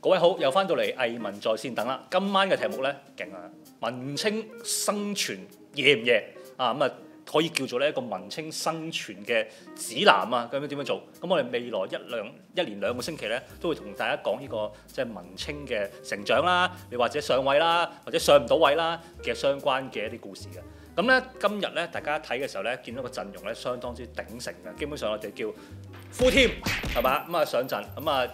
各位好，又翻到嚟藝文在線等啦。今晚嘅題目呢，勁啊！文青生存夜唔夜啊？咁啊，可以叫做呢一個文青生存嘅指南啊。究竟點樣做？咁我哋未來一兩一連兩個星期呢，都會同大家講呢、這個即係、就是、文青嘅成長啦，你或者上位啦，或者上唔到位啦嘅相關嘅一啲故事嘅。咁咧今日咧，大家睇嘅時候咧，見到個陣容咧，相當之鼎盛嘅。基本上我哋叫 full team 係嘛？咁、嗯、啊上陣，咁啊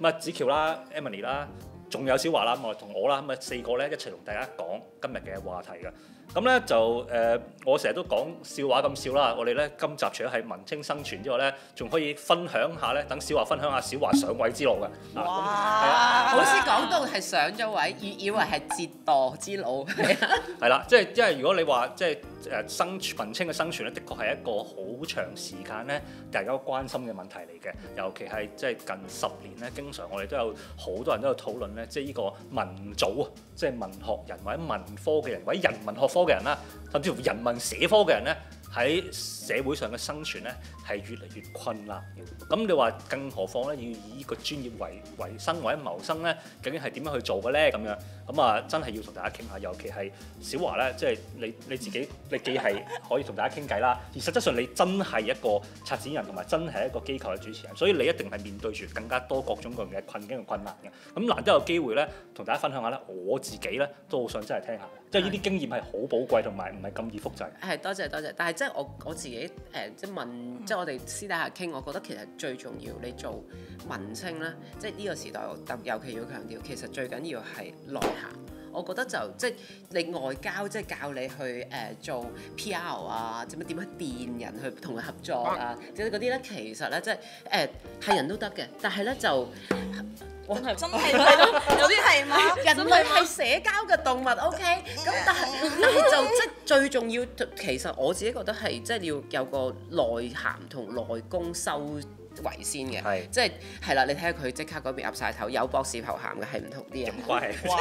咁啊紫翹啦、Emily 啦，仲有小樺啦，咁嚟同我啦，咁、嗯、啊四個咧一齊同大家講今日嘅話題嘅。咁咧就誒、呃，我成日都講笑話咁笑啦。我哋咧今集除咗係文青生存之外咧，仲可以分享下咧，等小華分享下小華上位之路嘅。哇！好似講到係上咗位，以以為係折墮之路係啦。係啦、嗯 啊，即係如果你話即係。即誒生存文青嘅生存咧，的確係一個好長時間咧，大家關心嘅問題嚟嘅。尤其係即係近十年咧，經常我哋都有好多人都有討論咧，即係呢個文組啊，即係文學人或者文科嘅人或者人文學科嘅人啦，甚至乎人文社科嘅人咧喺社會上嘅生存咧係越嚟越困難，咁你話，更何況咧要以呢個專業為為生或者謀生咧，究竟係點樣去做嘅咧？咁樣，咁啊，真係要同大家傾下，尤其係小華咧，即係你你自己，你既係可以同大家傾偈啦，而實質上你真係一個策展人，同埋真係一個機構嘅主持人，所以你一定係面對住更加多各種各樣嘅困境同困難嘅。咁難得有機會咧，同大家分享下咧，我自己咧都好想真係聽下，即係呢啲經驗係好寶貴同埋唔係咁易複製。係多謝多謝，但係即係我我自己。誒、呃，即係問，即我哋私底下傾，我覺得其實最重要，你做文青咧，即係呢個時代特，尤其要強調，其實最緊要係內涵。我覺得就即係你外交，即係教你去誒、呃、做 P.R. 啊，點樣點樣電人去同佢合作啊，嗯、即嗰啲呢，其實呢，即係誒係人都得嘅，但係呢，就。嗯真係有啲係嘛？ 人類係社交嘅動物，OK。咁 但係，但係就即係最重要，其實我自己覺得係即係要有個內涵同內功修。為先嘅，是即係係啦，你睇下佢即刻嗰邊壓曬頭，有博士頭銜嘅係唔同啲嘅。咁怪唔怪？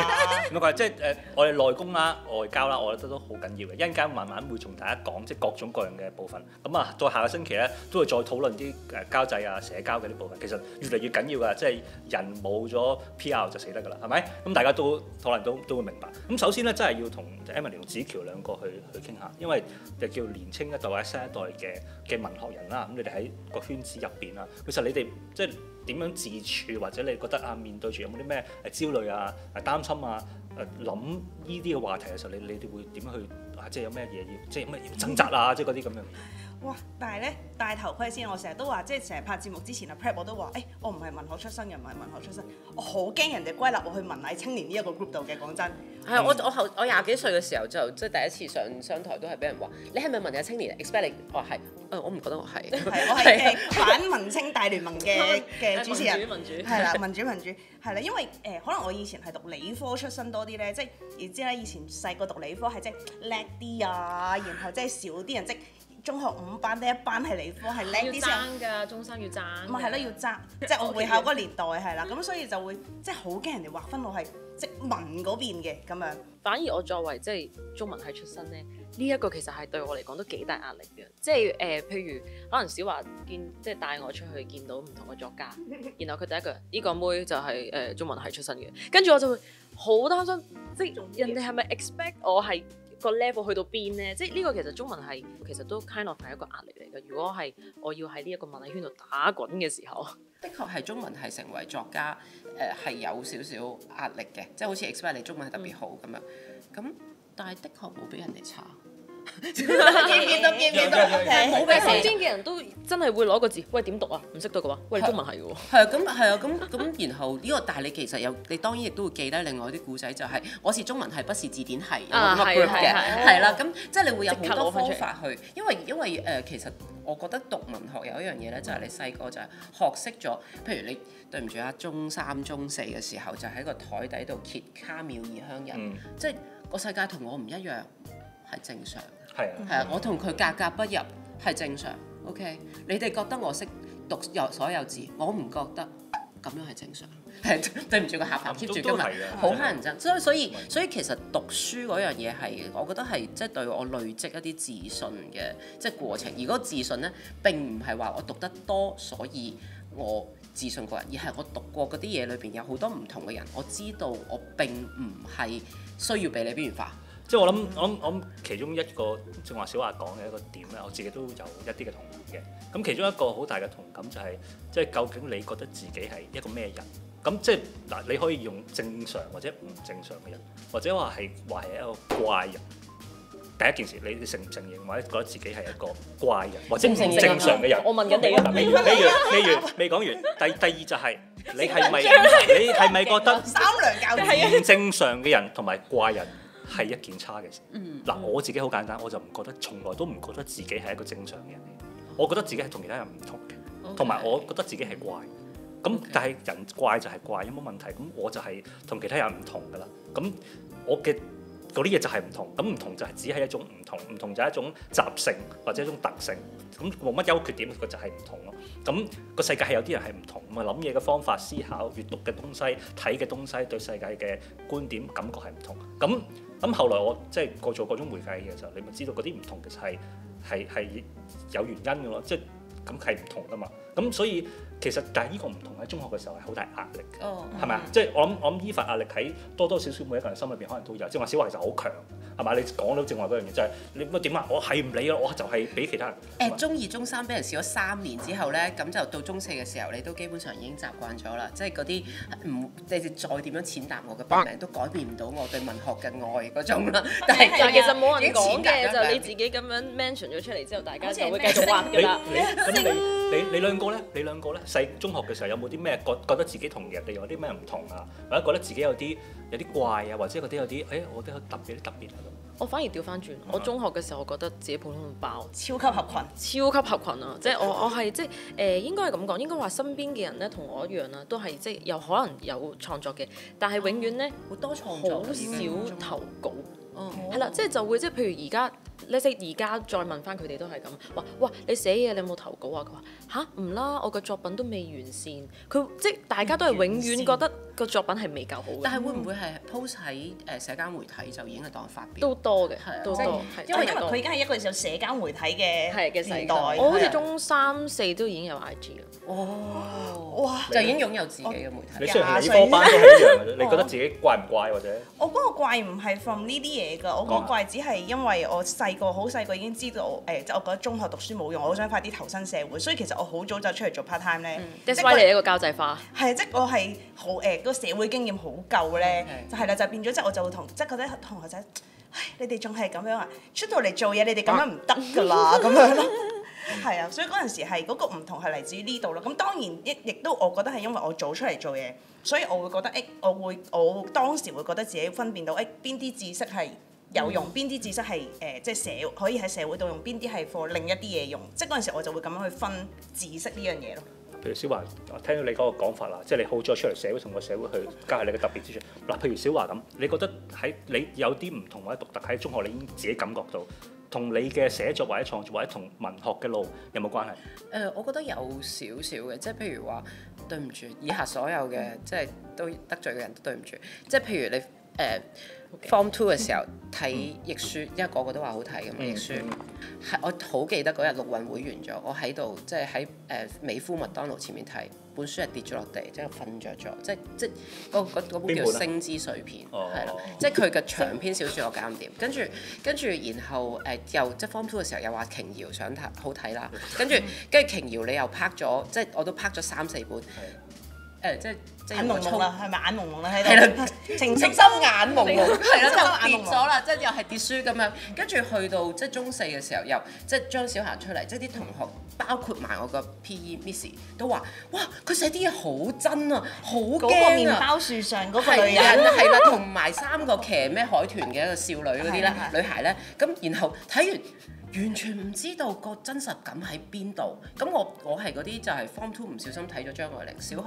唔怪、 呃，即係誒，我哋內功啦，外交啦，我覺得都好緊要嘅。一陣間慢慢會同大家講，即係各種各樣嘅部分。咁啊，到下個星期咧，都會再討論啲誒交際啊、社交嘅啲部分。其實越嚟越緊要嘅，即係人冇咗 P.R. 就死得㗎啦，係咪？咁大家都可能都都會明白。咁首先咧，真係要同 Emily 同紫翹兩個去去傾下，因為就叫年青一代、新一代嘅嘅文學人啦。咁你哋喺個圈子入邊啊～其實你哋即係點樣自處，或者你覺得啊，面對住有冇啲咩誒焦慮啊、誒擔心啊、誒諗依啲嘅話題嘅時候，你你哋會點樣去啊？即係有咩嘢要，即係有咩要掙扎啊？嗯、即係嗰啲咁樣嘅嘢。哇！但係咧，戴頭盔先，我成日都話，即係成日拍節目之前啊 prep 我都話，誒、欸、我唔係文學出身又唔係文學出身，我好驚人哋歸納我去文藝青年呢一個 group 度嘅，講真。係、啊嗯、我我後我廿幾歲嘅時候就即係第一次上上台都係俾人話，你係咪文藝青年？Expect 你話係，我唔覺得我係。我係、啊、反文青大聯盟嘅嘅 主持人。民主民主。係啦，民主民主。係啦， 因為誒、呃、可能我以前係讀理科出身多啲咧，即係然之後咧，以前細個讀理科係即係叻啲啊， 然後 即係少啲人即中學五班呢一班係理科係叻啲嘅，要中生要爭。唔係咯，要爭，即係我會考嗰個年代係啦，咁 所以就會即係好驚人哋劃分我係即係文嗰邊嘅咁樣。反而我作為即係、就是、中文系出身咧，呢、這、一個其實係對我嚟講都幾大壓力嘅，即係誒、呃，譬如可能小華見即係、就是、帶我出去見到唔同嘅作家，然後佢第一句呢、這個妹就係、是、誒、呃、中文系出身嘅，跟住我就會好擔心，即係人哋係咪 expect 我係？個 level 去到邊呢？即係呢個其實中文係其實都 kind of 係一個壓力嚟嘅。如果係我要喺呢一個文藝圈度打滾嘅時候，的確係中文係成為作家誒係、呃、有少少壓力嘅。即係好似 expect 你中文係特別好咁、嗯、樣，咁但係的確冇比人哋差。見唔見到？見唔見到？冇嘅事。身邊嘅人都真係會攞個字，喂點讀啊？唔識讀嘅話，喂中文係嘅喎。係啊，咁係啊，咁咁，然後呢個，但係你其實有你當然亦都會記得另外啲故仔就係，我是中文係，不是字典係咁樣嘅，係啦。咁即係你會有好多方法去，因為因為誒，其實我覺得讀文學有一樣嘢咧，就係你細個就係學識咗，譬如你對唔住啊，中三中四嘅時候，就喺個台底度揭卡妙異鄉人，即係個世界同我唔一樣，係正常。係啊，我同佢格格不入係正常，OK？你哋覺得我識讀有所有字，我唔覺得，咁樣係正常。係 對唔住個客，keep 住今日好乞人憎，所以所以所以其實讀書嗰樣嘢係，我覺得係即係對我累積一啲自信嘅即係過程。而嗰個自信咧並唔係話我讀得多，所以我自信過人，而係我讀過嗰啲嘢裏邊有好多唔同嘅人，我知道我並唔係需要俾你邊緣化。即係我諗，我諗，我諗其中一個正話小樺講嘅一個點咧，我自己都有一啲嘅同感嘅。咁其中一個好大嘅同感就係，即係究竟你覺得自己係一個咩人？咁即係嗱，你可以用正常或者唔正常嘅人，或者話係話係一個怪人。第一件事，你承唔承認，或者覺得自己係一個怪人，或者唔正常嘅人？我問緊你啊！例如，例如未講完。第第二就係你係咪？你係咪覺得三良教係唔正常嘅人同埋怪人？係一件差嘅事。嗱、嗯，嗯、我自己好簡單，我就唔覺得，從來都唔覺得自己係一個正常嘅人。我覺得自己係同其他人唔同嘅，同埋 Okay. 我覺得自己係怪。咁 Okay. 但係人怪就係怪，有冇問題？咁我就係同其他人唔同噶啦。咁我嘅嗰啲嘢就係唔同。咁唔同就係只係一種唔同，唔同就係一種習性或者一種特性。咁冇乜優缺點，佢就係唔同咯。咁、個世界係有啲人係唔同咁啊，諗嘢嘅方法、思考、閱讀嘅東西、睇嘅東西，對世界嘅觀點、感覺係唔同。咁咁、嗯、後來我即係過做各種媒介嘅時候，你咪知道嗰啲唔同其實係係係有原因嘅咯，即係咁係唔同噶嘛。咁所以其實但係呢個唔同喺中學嘅時候係好大壓力，嘅、哦，係咪啊？嗯、即係我諗我諗呢份壓力喺多多少少每一個人心裏邊可能都有。即係話小樺其實好強。係嘛？你講到正話嗰樣嘢就係、是、你乜點啊？我係唔理咯，我就係俾其他人。誒中二、中三俾人試咗三年之後咧，咁、嗯、就到中四嘅時候，你都基本上已經習慣咗啦。即係嗰啲唔，即使再點樣踐踏我嘅班名，啊、都改變唔到我對文學嘅愛嗰種啦。但係、啊、是其實冇人講嘅就你自己咁樣 mention 咗出嚟之後，大家就會繼續話。 你你你兩個咧？你兩個咧？細中學嘅時候有冇啲咩覺覺得自己人同人哋有啲咩唔同啊？或者覺得自己有啲有啲怪啊？或者覺得有啲誒我啲特別特別我反而調翻轉，我中學嘅時候，我覺得自己普通到爆，超級合群，超級合群啊！即係我，我係即係誒，應該係咁講，應該話身邊嘅人咧同我一樣啦，都係即係有可能有創作嘅，但係永遠咧會、啊、多創作少投稿，係啦，即係就會即係譬如而家。你即而家再問翻佢哋都係咁，話：哇！你寫嘢你有冇投稿啊？佢話：吓，唔啦，我個作品都未完善。佢即係大家都係永遠覺得個作品係未夠好。但係會唔會係 post 喺誒社交媒體就已經係當發表？都多嘅，都多。哦、對因為佢而家係一個有社交媒體嘅係嘅時代,代。我好似中三四都已經有 IG 啦。哦，哇！哇就已經擁有自己嘅媒體。你上年啲波班都一樣 你覺得自己怪唔怪或者？我嗰個怪唔係 from 呢啲嘢㗎，我嗰個怪只係因為我細。個好細個已經知道誒，即、欸、係、就是、我覺得中學讀書冇用，我好想快啲投身社會，所以其實我好早就出嚟做 part time 咧、嗯。即係為你哋一個交際花，係啊，即、就、係、是、我係好誒，欸那個社會經驗好夠咧，嗯嗯、就係啦，就變咗即係我就會同即係、就是、覺得同學仔，你哋仲係咁樣，樣啊？出到嚟做嘢你哋咁樣唔得㗎啦，咁樣咯，係啊，所以嗰陣時係嗰、那個唔同係嚟自於呢度咯。咁當然亦亦都我覺得係因為我早出嚟做嘢，所以我會覺得誒、欸，我會我當時會覺得自己分辨到誒邊啲知識係。有、嗯、用邊啲知識係誒，即、呃、係、就是、社可以喺社會度用邊啲係 for 另一啲嘢用，即係嗰陣時我就會咁樣去分知識呢樣嘢咯。譬如小華，我聽到你嗰個講法啦，即係你好咗出嚟社會同個社會去加下你嘅特別之處。嗱、呃，譬如小華咁，你覺得喺你有啲唔同或者獨特喺中學，你已經自己感覺到，同你嘅寫作或者創作或者同文學嘅路有冇關係？誒、呃，我覺得有少少嘅，即係譬如話，對唔住，以下所有嘅、嗯、即係都得罪嘅人都對唔住。即係譬如你誒。呃 Okay. Form Two 嘅時候睇亦舒，嗯，因為個個都話好睇咁，亦舒係、嗯、我好記得嗰日陸運會完咗，我喺度即係喺誒美孚麥當勞前面睇本書，係跌咗落地，即係瞓著咗，即係即係嗰本叫《星之碎片》，係啦的，即係佢嘅長篇小説，我揀唔掂。跟住跟住，然後誒又即係 Form Two 嘅時候又話瓊瑤想睇好睇啦。嗯、跟住跟住，瓊瑤你又拍咗，即、就、係、是、我都拍咗三四本。嗯即係眼蒙蒙啦，係咪？眼蒙蒙啦，喺度。係啦，情色心眼蒙蒙，係啦，就跌咗啦。即係又係跌書咁樣，跟住去到即係中四嘅時候，又即係張小霞出嚟，即係啲同學包括埋我個 P.E. Miss y，都話：哇，佢寫啲嘢好真啊，好驚麵包樹上嗰個女人係啦，同埋三個騎咩海豚嘅一個少女嗰啲咧，女孩咧，咁然後睇完。完全唔知道個真實感喺邊度，咁我我係嗰啲就係 form two 唔小心睇咗張愛玲，小學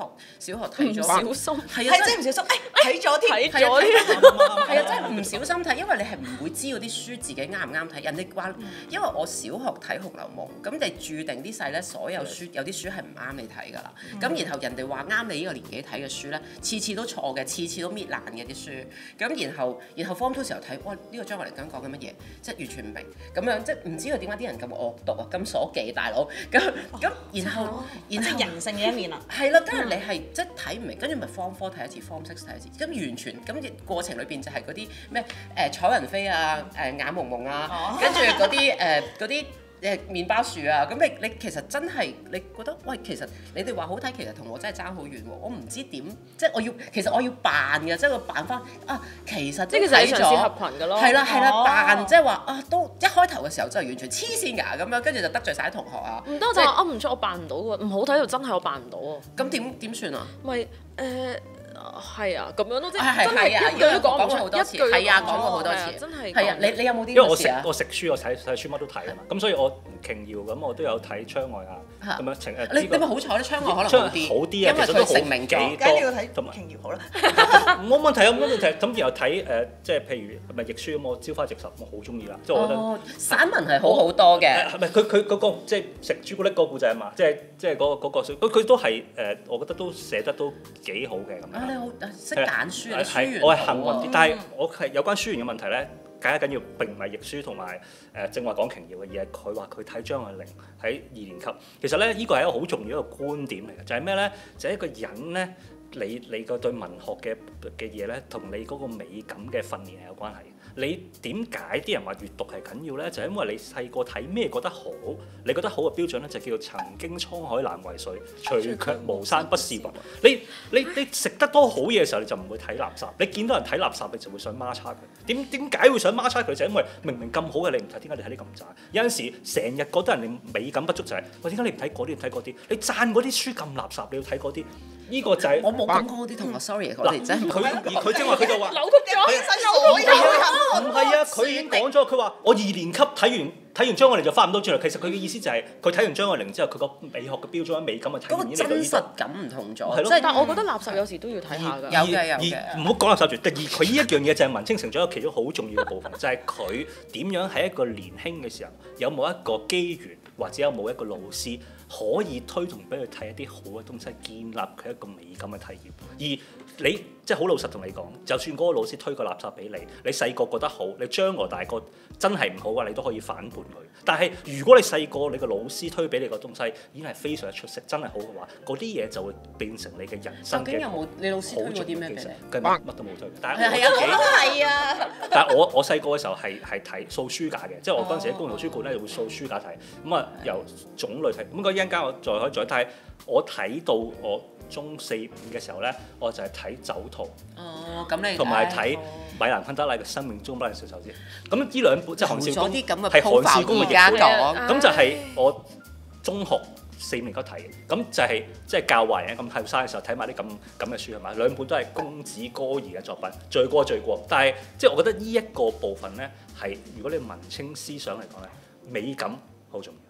小學睇咗，唔小心係啊，真唔小心，誒睇咗啲睇咗啲，係啊，真係唔小心睇，因為你係唔會知道啲書自己啱唔啱睇，人哋話，因為我小學睇《紅樓夢》，咁就注定啲細咧所有書有啲書係唔啱你睇㗎啦，咁然後人哋話啱你呢個年紀睇嘅書咧，次次都錯嘅，次次都搣爛嘅啲書，咁然後然後 form two 時候睇，哇呢個張愛玲講講緊乜嘢？即係完全唔明咁樣，即唔知道點解啲人咁惡毒啊，咁鎖記大佬咁咁， 那哦、然後然後人性嘅一面啊，係啦，跟住你係即係睇唔明，跟住咪方科睇一次方 o 睇一次，咁完全咁過程裏邊就係嗰啲咩誒彩雲飛啊，誒、呃、眼朦朦啊，跟住啲誒嗰啲。 誒麵包樹啊，咁你你其實真係你覺得，喂，其實你哋話好睇，其實同我真係爭好遠喎。我唔知點，即係我要，其實我要扮嘅，即係扮翻啊，其實即係佢就係嘗試合羣嘅咯，係啦係啦，扮、哦、即係話啊，都一開頭嘅時候真係完全黐線㗎咁樣，跟住就得罪曬同學啊。唔得行就噏、係、唔出，我扮唔到喎，唔好睇就真係我扮唔到啊。咁點點算啊？唔係誒。呃係啊，咁樣都真係一句講唔出好多次，係啊，講過好多次，真係係啊，你你有冇啲？因為我成個食書，我睇睇書乜都睇啊嘛，咁所以我瓊瑤咁我都有睇窗外啊，咁樣你咪好彩窗外可能好啲，好啲啊，都好明成名嘅，梗係要睇瓊瑤好啦。冇問題啊，冇問題。咁然後睇誒，即係譬如咪譯書咁，我《朝花夕拾》我好中意啦，即係我覺得散文係好好多嘅。誒，唔係佢佢嗰個即係食朱古力嗰個故仔啊嘛，即係即係嗰個嗰個佢都係誒，我覺得都寫得都幾好嘅咁樣。識揀書，我係幸運啲。嗯、但係我係有關書源嘅問題咧，更加緊要並唔係讀書同埋誒正話講瓊瑤嘅，而係佢話佢睇張愛玲喺二年級。其實咧，呢、這個係一個好重要一個觀點嚟嘅，就係咩咧？就係、是、一個人咧，你你個對文學嘅嘅嘢咧，同你嗰個美感嘅訓練係有關係。你點解啲人話閲讀係緊要咧？就係因為你細個睇咩覺得好，你覺得好嘅標準咧就叫做曾經滄海難為水，除卻巫山不是雲。你你你食得多好嘢嘅時候，你就唔會睇垃圾。你見到人睇垃圾，你就會想孖叉佢。點點解會想孖叉佢？就係因為明明咁好嘅你唔睇，點解你睇啲咁渣？有陣時成日覺得人哋美感不足就係，喂，點解你唔睇嗰啲，唔睇嗰啲？你讚嗰啲書咁垃圾，你要睇嗰啲？呢個就係，我冇講過啲同學，sorry 佢而佢之外，佢就話：唔係啊，佢已經講咗，佢話我二年級睇完睇完張愛玲就翻唔到轉頭。其實佢嘅意思就係佢睇完張愛玲之後，佢個美學嘅標準、美感嘅提升已經真實感唔同咗。係咯，但係我覺得垃圾有時都要睇下㗎。有而唔好講垃圾住。第二，佢呢一樣嘢就係文青成長嘅其中好重要嘅部分，就係佢點樣喺一個年輕嘅時候有冇一個機緣。或者有冇一個老師可以推動俾佢睇一啲好嘅東西，建立佢一個美感嘅體驗。而你即係好老實同你講，就算嗰個老師推個垃圾俾你，你細個覺得好，你將來大個真係唔好嘅，你都可以反叛佢。但係如果你細個你個老師推俾你個東西已經係非常之出色，真係好嘅話，嗰啲嘢就會變成你嘅人生。究竟有冇你老師推咗啲咩？其實乜乜都冇追，但係係啊，係啊 但係我我細個嘅時候係係睇掃書架嘅，即係我嗰陣時喺公共圖書館咧， 會掃書架睇咁啊。由種類睇，咁陣間我再可以再睇。我睇到我中四五嘅時候咧，我就係睇《酒徒》哦，咁你同埋睇《有哎、喲米蘭昆德拉》嘅《生命中不能承受之輕》。咁呢兩本即係韓少功嘅韓少功嘅譯本，咁就係我中學四年級睇嘅。咁就係、是、即係教壞人咁後生嘅時候睇埋啲咁咁嘅書啊嘛。兩本都係公子哥兒嘅作品，罪過罪過。但係即係我覺得呢一個部分咧，係如果你文青思想嚟講咧，美感好重要。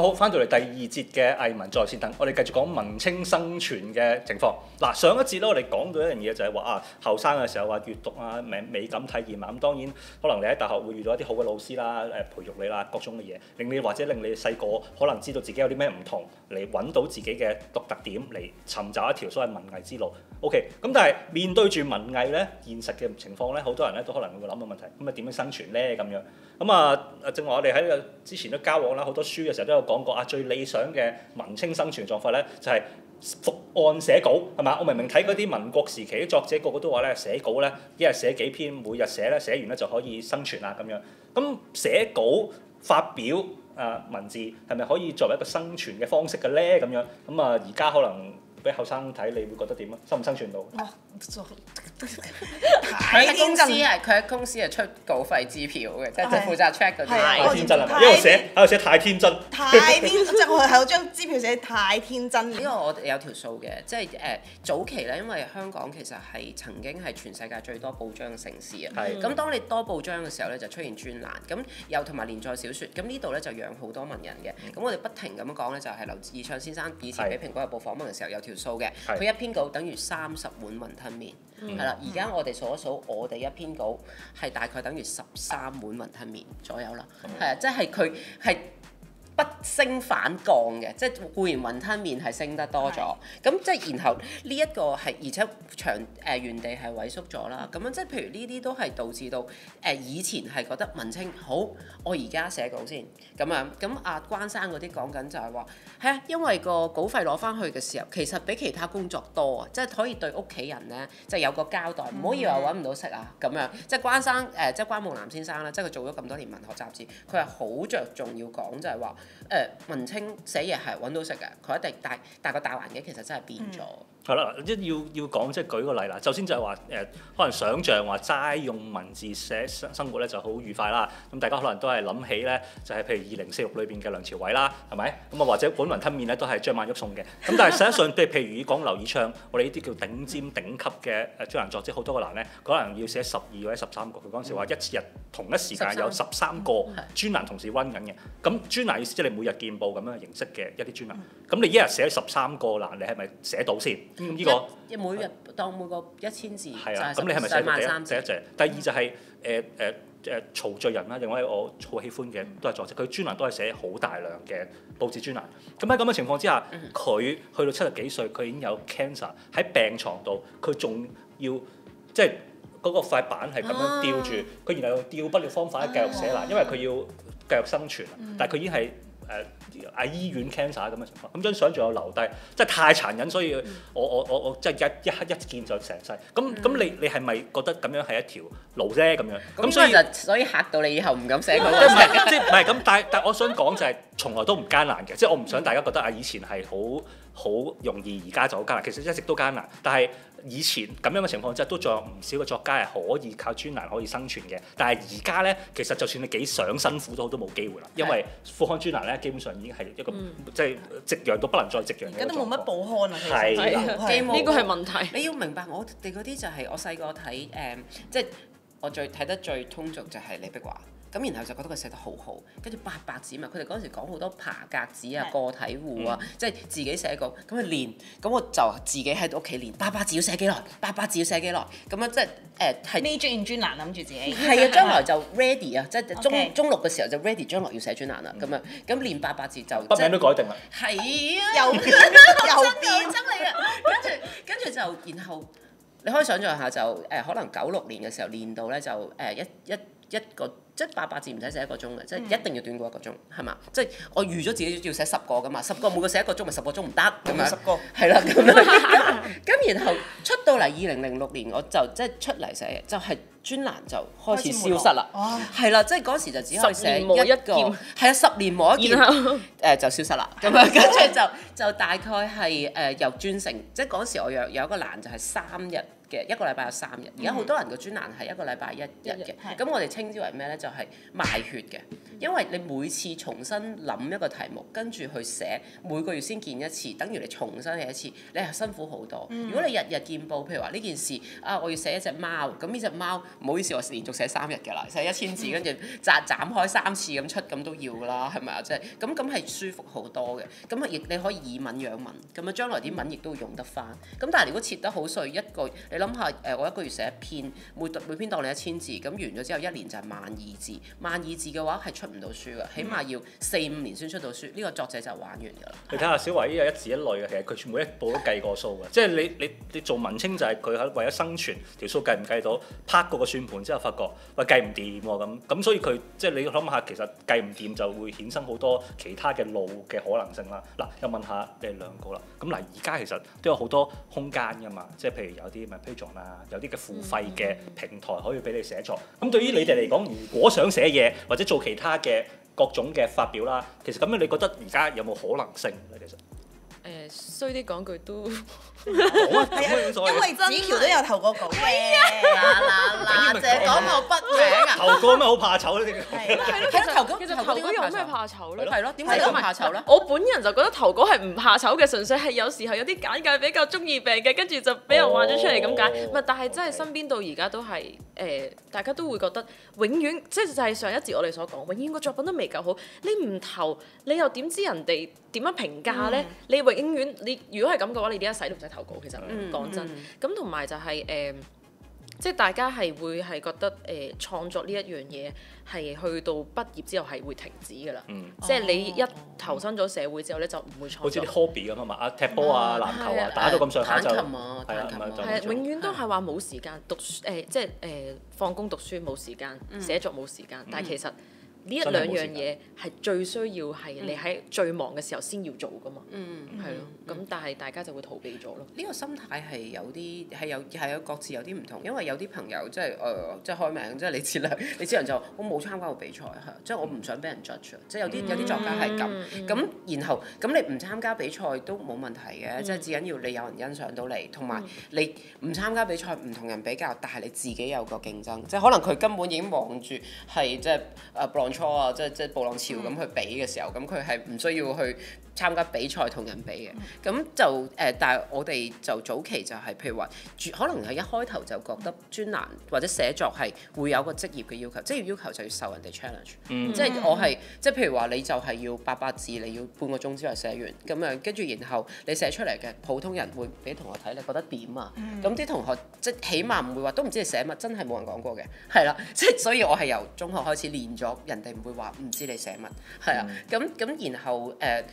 好，翻到嚟第二節嘅藝文在線等，我哋繼續講文青生存嘅情況。嗱，上一節咧，我哋講到一樣嘢就係、是、話啊，後生嘅時候話閲讀啊、美美感體驗啊，咁、嗯、當然可能你喺大學會遇到一啲好嘅老師啦、誒培育你啦，各種嘅嘢，令你或者令你細個可能知道自己有啲咩唔同，嚟揾到自己嘅獨特點，嚟尋找一條所謂文藝之路。OK，咁、嗯、但係面對住文藝咧，現實嘅情況咧，好多人咧都可能會諗個問題，咁啊點樣生存咧咁樣？咁、嗯、啊，正話我哋喺之前都交往啦，好多書嘅時候都有。講過啊，最理想嘅文青生存狀況呢，就係、是、伏案寫稿，係嘛？我明明睇嗰啲民國時期嘅作者，個個都話呢寫稿呢，一日寫幾篇，每日寫呢，寫完呢就可以生存喇咁樣。咁寫稿發表啊、呃、文字，係咪可以作為一個生存嘅方式嘅呢？咁樣咁啊，而家、呃、可能。俾後生睇，你會覺得點啊？生唔生存到？太天真，公佢喺公司係出稿費支票嘅，即係負責 check 啲太天真啦，呢度寫，喺度寫太天真，太天真，即係我係我張支票寫得太天真。呢個我有條數嘅，即係誒早期咧，因為香港其實係曾經係全世界最多報章嘅城市啊。係。咁當你多報章嘅時候咧，就出現專欄，咁又同埋連載小説，咁呢度咧就養好多文人嘅。咁我哋不停咁樣講咧，就係劉以鬯先生以前俾《蘋果日報》訪問嘅時候有條。條數嘅，佢一篇稿等於三十碗雲吞麵係啦。而家、嗯、我哋數一數，的我哋一篇稿係大概等於十三碗雲吞麵左右啦。係啊、嗯，即係佢係。不升反降嘅，即係固然雲吞麵係升得多咗，咁即係然後呢一、這個係而且長誒、呃、原地係萎縮咗啦，咁、嗯、樣即係譬如呢啲都係導致到誒、呃、以前係覺得文青好，我而家寫稿先咁啊，咁阿關生嗰啲講緊就係話，係啊，因為個稿費攞翻去嘅時候，其實比其他工作多啊，即係可以對屋企人咧就有個交代，唔好、嗯、以為揾唔到食啊咁樣，樣，即係關生誒、呃，即係關夢南先生啦，即係佢做咗咁多年文學雜誌，佢係好着重要講就係話。誒、呃、文青寫嘢係揾到食嘅，佢一定但但個大環境其實真係變咗。嗯係啦，即要要講即係舉個例啦。首先就係話誒，可能想像話齋用文字寫生活咧就好愉快啦。咁大家可能都係諗起咧，就係譬如二零四六裏邊嘅梁朝偉啦，係咪？咁啊或者碗雲吞麵咧都係張曼玉送嘅。咁但係實際上即係譬如以講劉以鬯，我哋呢啲叫頂尖頂級嘅專欄作者，好多個欄咧，可能要寫十二或者十三個。佢嗰陣時話一次日同一時間有十三個專欄同時溫緊嘅。咁專欄意思即係你每日見報咁樣形式嘅一啲專欄。咁你一日寫十三個欄，你係咪寫到先？嗯，依、這個，每日、啊、當每個一千字，係啊，咁你係咪寫第一隻？第二就係誒誒誒曹聚仁啦，另外我好喜歡嘅都係作者，佢專欄都係寫好大量嘅報紙專欄。咁喺咁嘅情況之下，佢、嗯、去到七十幾歲，佢已經有 cancer 喺病床度，佢仲要即係嗰、嗰個塊板係咁樣吊住，佢、啊、然後用吊筆嘅方法繼續寫欄，因為佢要繼續生存，嗯、但係佢已經係。誒喺醫院 cancer 咁嘅情況，咁張相仲有留低，真係太殘忍，所以我我我我即係一一刻一見就成世。咁咁、嗯、你你係咪覺得咁樣係一條路啫？咁樣咁所以就所以嚇到你以後唔敢寫嗰個 即係唔係咁？但係但係我想講就係從來都唔艱難嘅，即係我唔想大家覺得啊以前係好好容易，而家就好艱難。其實一直都艱難，但係。以前咁樣嘅情況之下，都仲有唔少嘅作家係可以靠專欄可以生存嘅，但係而家咧其實就算你幾想辛苦都好都冇機會啦，因為副刊專欄咧基本上已經係一個、嗯、即係夕陽都不能再夕陽，而家都冇乜報刊啦，係啦，呢個係問題。你要明白我哋嗰啲就係我細個睇誒，即、嗯、係、即係、我最睇得最通俗就係李碧華。咁然後就覺得佢寫得好好，跟住八百字嘛，佢哋嗰陣時講好多爬格子啊、個體戶啊，即係自己寫稿，咁去練，咁我就自己喺屋企練八百字要寫幾耐，八百字要寫幾耐，咁樣即係誒係呢專專欄諗住自己係啊，將來就 ready 啊，即係中中六嘅時候就 ready，將來要寫專欄啦，咁樣咁練八百字就筆名都改定啦，係啊，又變又真係啊，跟住跟住就然後你可以想象下就誒可能九六年嘅時候練到咧就誒一一。一個即係八百字唔使寫一個鐘嘅，嗯、即係一定要短過一個鐘，係嘛？即係我預咗自己要寫十個噶嘛，十個每個寫一個鐘咪、就是、十個鐘唔得，咁十個係啦。咁 樣咁 然後出到嚟二零零六年我就即係出嚟寫，就係、是、專欄就開始消失啦。係啦，即係嗰時就只可以寫一個，係啊，十年磨一劍，誒下、呃、就消失啦。咁樣跟住 就就大概係誒由轉成即係嗰時我有有一個欄就係三日嘅一個禮拜有三日，而家好多人嘅專欄係一個禮拜一日嘅，咁、嗯、我哋稱之為咩咧？就係、是、賣血嘅，因為你每次重新諗一個題目，跟住去寫，每個月先見一次，等於你重新寫一次，你係辛苦好多。嗯、如果你日日見報，譬如話呢件事，啊我要寫一隻貓，咁呢隻貓唔好意思，我連續寫三日嘅啦，寫一千字，跟住扎斬開三次咁出，咁都要啦，係咪啊？即係咁咁係舒服好多嘅，咁啊亦你可以以文養文，咁啊將來啲文亦都用得翻。咁但係如果切得好碎，一個。諗下誒、呃，我一個月寫一篇，每每篇當你一千字，咁完咗之後一年就係萬二字，萬二字嘅話係出唔到書嘅，嗯、起碼要四五年先出到書。呢、這個作者就玩完㗎啦。嗯、你睇下小樺呢有一字一類嘅，其實佢每一步都計過數嘅，即係你你你做文青就係佢喺為咗生存，條數計唔計到，拍過個算盤之後發覺，喂計唔掂咁，咁、啊、所以佢即係你諗下，其實計唔掂就會衍生好多其他嘅路嘅可能性啦。嗱，又問下你哋兩個啦，咁嗱而家其實都有好多空間㗎嘛，即係譬如有啲咪？推撞啦，有啲嘅付費嘅平台可以俾你寫作。咁對於你哋嚟講，如果想寫嘢或者做其他嘅各種嘅發表啦，其實咁樣你覺得而家有冇可能性咧？其實。衰啲講句都因為子喬都有投過稿。啊！投稿咪好怕醜咯？係咯，係咯，投稿其實投稿有咩怕醜咧？係咯，點解怕醜咧？我本人就覺得投稿係唔怕醜嘅，純粹係有時候有啲簡介比較中意病嘅，跟住就俾人話咗出嚟咁解。唔係，但係真係身邊到而家都係誒，大家都會覺得永遠即係就係上一節我哋所講，永遠個作品都未夠好。你唔投，你又點知人哋點樣評價咧？你永遠。你如果係咁嘅話，你點解使都唔使投稿？其實講真，咁同埋就係誒，即係大家係會係覺得誒創作呢一樣嘢係去到畢業之後係會停止噶啦。即係你一投身咗社會之後咧，就唔會創好似啲 hobby 咁啊嘛，啊踢波啊、籃球啊，打到咁上下就係啊，永遠都係話冇時間讀書誒，即係誒放工讀書冇時間，寫作冇時間，但係其實。呢一兩樣嘢係最需要係你喺最忙嘅時候先要做噶嘛，嗯係咯，咁但係大家就會逃避咗咯。呢個心態係有啲係有係有各自有啲唔同，因為有啲朋友即係誒即係開名，即係你志良，你志良就我冇參加過比賽，係即係我唔想俾人 judge，即係有啲有啲作家係咁。咁然後咁你唔參加比賽都冇問題嘅，即係至緊要你有人欣賞到你，同埋你唔參加比賽唔同人比較，但係你自己有個競爭，即係可能佢根本已經望住係即係誒初啊，即係即係暴浪潮咁去比嘅時候，咁佢係唔需要去。參加比賽同人比嘅，咁、嗯、就誒、呃，但係我哋就早期就係、是，譬如話，可能係一開頭就覺得專欄或者寫作係會有個職業嘅要求，職業要求就要受人哋 challenge，、嗯、即係我係即係譬如話，你就係要八百字，你要半個鐘之內寫完，咁樣，跟住然後你寫出嚟嘅普通人會俾同學睇，你覺得點啊？咁啲、嗯、同學即係起碼唔會話都唔知你寫乜，真係冇人講過嘅，係啦，即係所以我係由中學開始練咗，人哋唔會話唔知你寫乜，係啊，咁咁、嗯嗯、然後誒、呃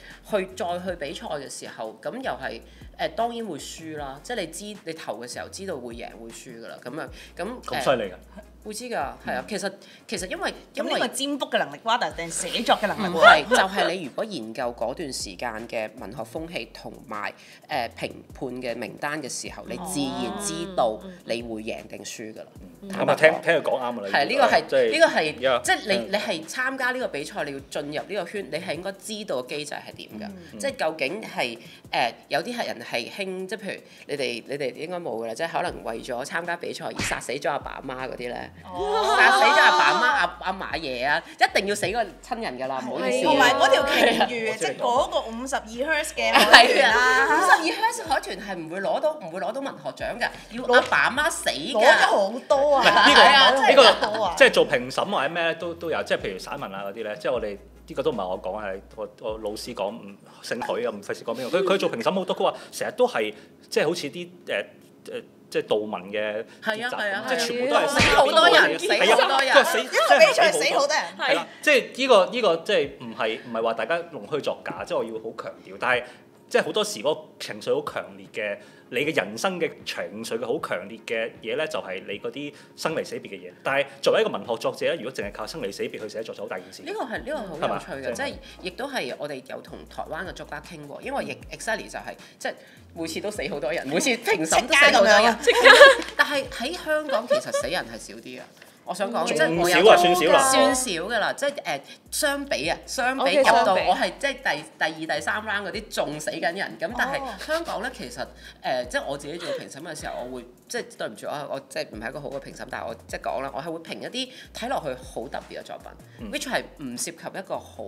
去再去比賽嘅時候，咁又係誒、呃、當然會輸啦。即係你知你投嘅時候知道會贏會輸噶啦。咁啊咁咁犀利噶，呃、會知噶係啊。其實其實因為因為個占卜嘅能力 writer 定寫作嘅能力，係 就係、係、你如果研究嗰段時間嘅文學風氣同埋誒評判嘅名單嘅時候，你自然知道你會贏定輸噶啦。坦白，聽聽佢講啱啊！係啊，呢個係呢個係，即係你你係參加呢個比賽，你要進入呢個圈，你係應該知道個機制係點㗎？即係究竟係誒有啲客人係興，即係譬如你哋你哋應該冇㗎啦，即係可能為咗參加比賽而殺死咗阿爸阿媽嗰啲咧，殺死咗阿爸阿媽阿阿媽爺啊，一定要死個親人㗎啦！唔好意思，同埋嗰條鯨魚，即係嗰個五十二赫茲嘅海豚啦，五十二赫茲海豚係唔會攞到唔會攞到文學獎㗎，要攞阿爸阿媽死嘅，攞咗好多。呢哇、這個呢、嗯這個、這個、即係做評審或者咩咧都都有，即係譬如散文啊嗰啲咧，即係我哋呢、這個都唔係我講，係我我老師講唔成佢啊，唔費事講咩，佢佢 做評審多好多，佢話成日都係即係好似啲誒誒即係悼文嘅結集， 啊啊啊、即係全部都係死好 多人，係啊死，因為比賽死好多，多人，係啦，即係呢個呢個即係唔係唔係話大家弄虛作假，即係我要好強調，但係即係好多時嗰個情緒好強烈嘅。你嘅人生嘅情緒嘅好強烈嘅嘢咧，就係、是、你嗰啲生離死別嘅嘢。但係作為一個文學作者咧，如果淨係靠生離死別去寫作就，好大件事。呢個係呢、這個好有趣嘅，吧即係亦都係我哋有同台灣嘅作家傾過，因為 exactly 就係、是、即係每次都死好多人，每次評審都死咁多人。但係喺香港其實死人係少啲嘅。 我想講，即係我有個，算少㗎啦，算少㗎啦，即係誒、呃，相比啊，相比入 Okay, 到我係即係第第二、第三 round 嗰啲，仲死緊人咁，哦、但係香港咧，其實誒、呃，即係我自己做評審嘅時候， 我會。即係、就是、對唔住我我即係唔係一個好嘅評審，但係我即係講啦，我係會評一啲睇落去好特別嘅作品、嗯、which 係唔涉及一個好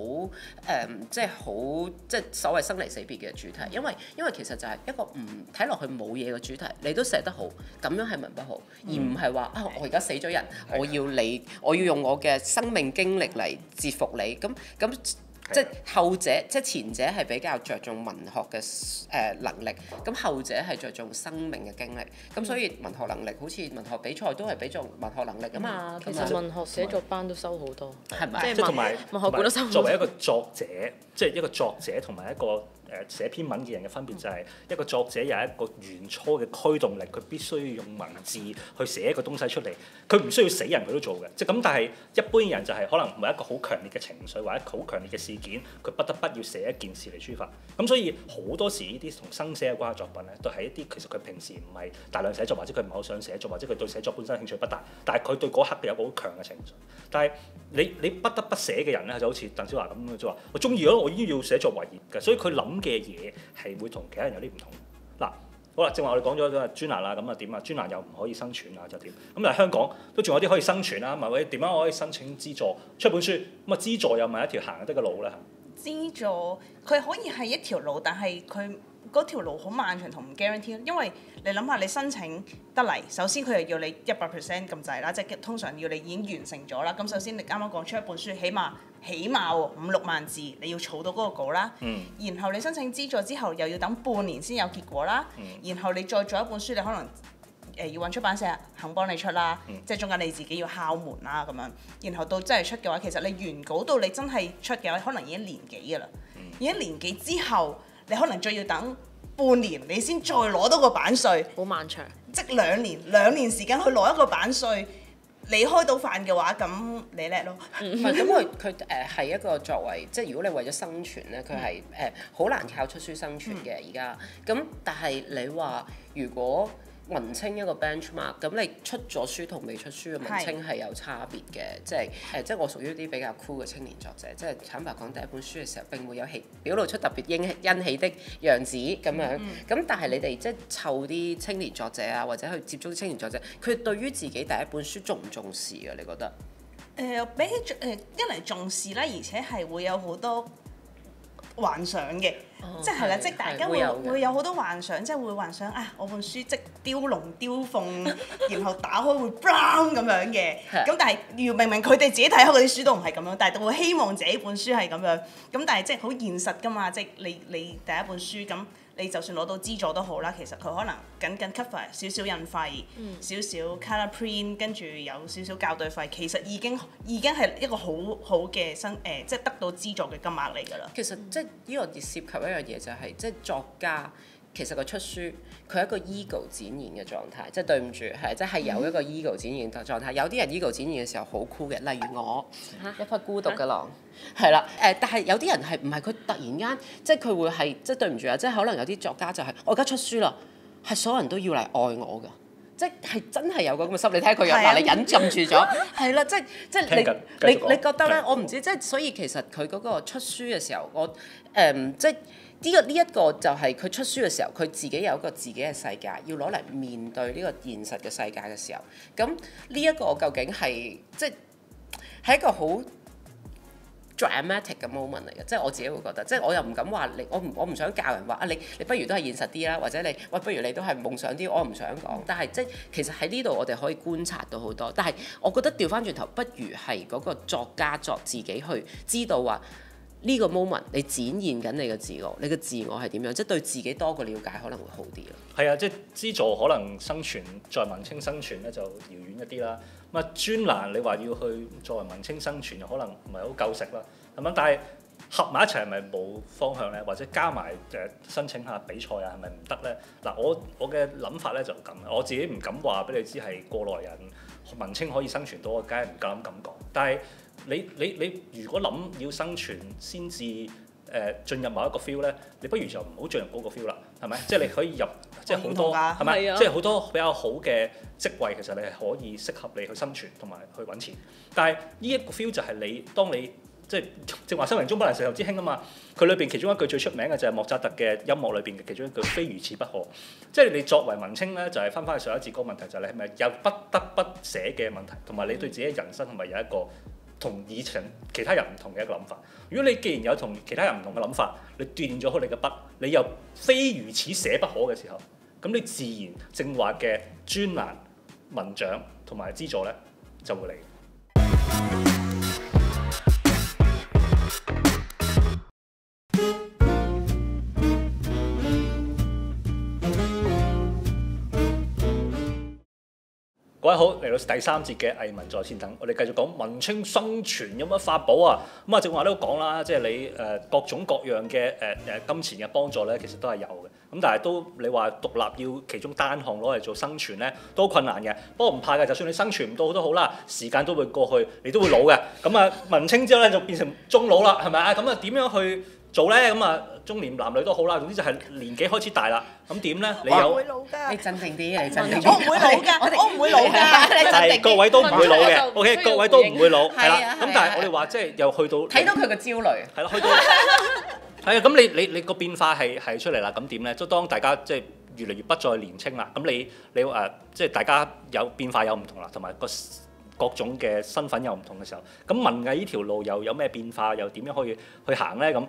誒，即係好即係所謂生離死別嘅主題，嗯、因為因為其實就係一個唔睇落去冇嘢嘅主題，你都寫得好，咁樣係文筆好，嗯、而唔係話啊我而家死咗人，嗯、我要你我要用我嘅生命經歷嚟折服你，咁咁。即係後者，即係前者係比較着重文學嘅誒能力，咁後者係着重生命嘅經歷，咁所以文學能力好似文學比賽都係比較文學能力啊嘛。其實文學寫作班都收好多，係咪？即係同埋文學館都收好多。作為一個作者，即係 一個作者同埋一個。誒寫篇文嘅人嘅分別就係一個作者有一個原初嘅驅動力，佢必須要用文字去寫一個東西出嚟，佢唔需要死人佢都做嘅，即咁。但係一般人就係可能唔係一個好強烈嘅情緒或者好強烈嘅事件，佢不得不要寫一件事嚟抒發。咁所以好多時呢啲同生死有關嘅作品咧，都係一啲其實佢平時唔係大量寫作，或者佢唔係好想寫作，或者佢對寫作本身興趣不大，但係佢對嗰刻嘅有個好強嘅情緒。但係你你不得不寫嘅人咧，就好似鄧小樺咁嘅啫話，我中意咗我已經要寫作為業嘅，所以佢諗。嘅嘢係會同其他人有啲唔同。嗱，好啦，正話我哋講咗啊，專欄啦，咁啊點啊，專欄又唔可以生存啊，就點。咁但係，香港都仲有啲可以生存啦，或者點樣可以申請資助出本書。咁啊，資助又咪一條行得嘅路咧？資助佢可以係一條路，但係佢。嗰條路好漫長同唔 guarantee，因為你諗下你申請得嚟，首先佢又要你一百 percent 咁滯啦，即係通常要你已經完成咗啦。咁首先你啱啱講出一本書，起碼起碼五六萬字，你要儲到嗰個稿啦。嗯、然後你申請資助之後，又要等半年先有結果啦。嗯、然後你再做一本書，你可能誒要揾出版社肯幫你出啦，嗯、即係中間你自己要敲門啦咁樣。然後到真係出嘅話，其實你原稿到你真係出嘅話，可能已經年幾嘅啦。已經、嗯、年幾之後？你可能再要等半年，你先再攞多個版稅，好漫長，即兩年兩年時間去攞一個版稅，你開到飯嘅話，咁你叻咯。唔係咁佢佢誒係一個作為，即如果你為咗生存咧，佢係誒好難靠出書生存嘅而家。咁但係你話如果。文青一個 benchmark，咁你出咗書同未出書嘅文青係有差別嘅是，即係誒，即係我屬於啲比較酷嘅青年作者，即係坦白講，第一本書嘅時候並沒有表露出特別興欣喜嘅樣子咁樣，咁、嗯嗯、但係你哋即係湊啲青年作者啊，或者去接觸啲青年作者，佢對於自己第一本書重唔重視嘅？你覺得？誒、呃，比起誒、呃、一嚟重視啦，而且係會有好多幻想嘅。Oh, okay. 即係啦，即係大家會對會有好多幻想，即係會幻想啊！我本書即雕龍雕鳳， 然後打開會 bang 咁樣嘅，咁 但係要明明佢哋自己睇開嗰啲書都唔係咁樣，但係都會希望自己本書係咁樣，咁但係即係好現實㗎嘛！即係你你第一本書咁。你就算攞到資助都好啦，其實佢可能僅僅 cover 少少印費、嗯、少少 color print，跟住有少少校對費，其實已經已經係一個好好嘅生，誒、呃，即係得到資助嘅金額嚟㗎啦。其實即係呢個涉及一樣嘢就係即係作家。其實佢出書，佢係一個 ego 展現嘅狀態，即係對唔住，係即係有一個 ego 展現狀態。有啲人 ego 展現嘅時候好酷嘅，例如我，啊、一匹孤獨嘅狼，係啦、啊。誒，但係有啲人係唔係佢突然間，即係佢會係即係對唔住啊！即係可能有啲作家就係、是、我而家出書啦，係所有人都要嚟愛我㗎，即係真係有個咁嘅心理，睇佢又嗱，你隱瞞住咗，係啦，即係即係你你你覺得咧？對我唔知即係所以其實佢嗰個出書嘅時候，我誒、嗯、即係。即呢個，呢一個就係佢出書嘅時候，佢自己有一個自己嘅世界，要攞嚟面對呢個現實嘅世界嘅時候，咁呢一個究竟係即係一個好 dramatic 嘅 moment 嚟嘅，即係我自己會覺得，即係我又唔敢話你，我唔我唔想教人話啊，你你不如都係現實啲啦，或者你喂不如你都係夢想啲，我唔想講，但係即係其實喺呢度我哋可以觀察到好多，但係我覺得掉返轉頭不如係嗰個作家作自己去知道話。呢個 moment 你展現緊你嘅自我，你嘅自我係點樣？即係對自己多個了解可能會好啲咯。係啊，即係資助可能生存在文青生存咧就遙遠一啲啦。咁啊專欄你話要去作為文青生存又可能唔係好夠食啦，係咪？但係合埋一齊係咪冇方向咧？或者加埋誒申請下比賽啊，係咪唔得咧？嗱，我我嘅諗法咧就咁，我自己唔敢話俾你知係過來人文青可以生存到，我梗係唔夠膽咁講，但係。你你你如果諗要生存先至誒進入某一個 feel 咧，你不如就唔好進入嗰個 feel 啦，係咪？即係 你可以入，即係好多，係咪？即係好多比較好嘅職位，其實你係可以適合你去生存同埋去揾錢。但係呢一個 feel 就係你當你即係正話，生命中不能承受之輕啊嘛。佢裏邊其中一句最出名嘅就係莫扎特嘅音樂裏邊嘅其中一句非如此不可。即係你作為文青咧，就係翻返去上一節嗰個問題，就係你係咪有不得不寫嘅問題，同埋你對自己人生同埋有一個。 同以前其他人唔同嘅一個諗法。如果你既然有同其他人唔同嘅諗法，你斷咗好你嘅筆，你又非如此寫不可嘅時候，咁你自然正話嘅專欄文章同埋資助咧就會嚟。各位好，嚟到第三節嘅藝文在線等，我哋繼續講文青生存有乜法寶啊？咁、嗯、啊，正話都講啦，即係你誒、呃、各種各樣嘅誒誒金錢嘅幫助咧，其實都係有嘅。咁、嗯、但係都你話獨立要其中單項攞嚟做生存咧，都困難嘅。不過唔怕嘅，就算你生存唔到都好啦，時間都會過去，你都會老嘅。咁、嗯、啊，文青之後咧就變成中老啦，係咪啊？咁、嗯、啊，點、嗯、樣、嗯、去？做咧咁啊，中年男女都好啦，總之就係年紀開始大啦，咁點咧？你有？我唔會老㗎。你鎮定啲啊！我唔會老㗎，我唔會老㗎。係，各位都唔會老嘅，OK，各位都唔會老係啦。咁但係我哋話即係又去到睇到佢嘅焦慮係啦，去到係啊，咁你你你個變化係係出嚟啦，咁點咧？即係當大家即係越嚟越不再年青啦，咁你你誒即係大家有變化有唔同啦，同埋個各種嘅身份又唔同嘅時候，咁文藝呢條路又有咩變化，又點樣可以去行咧？咁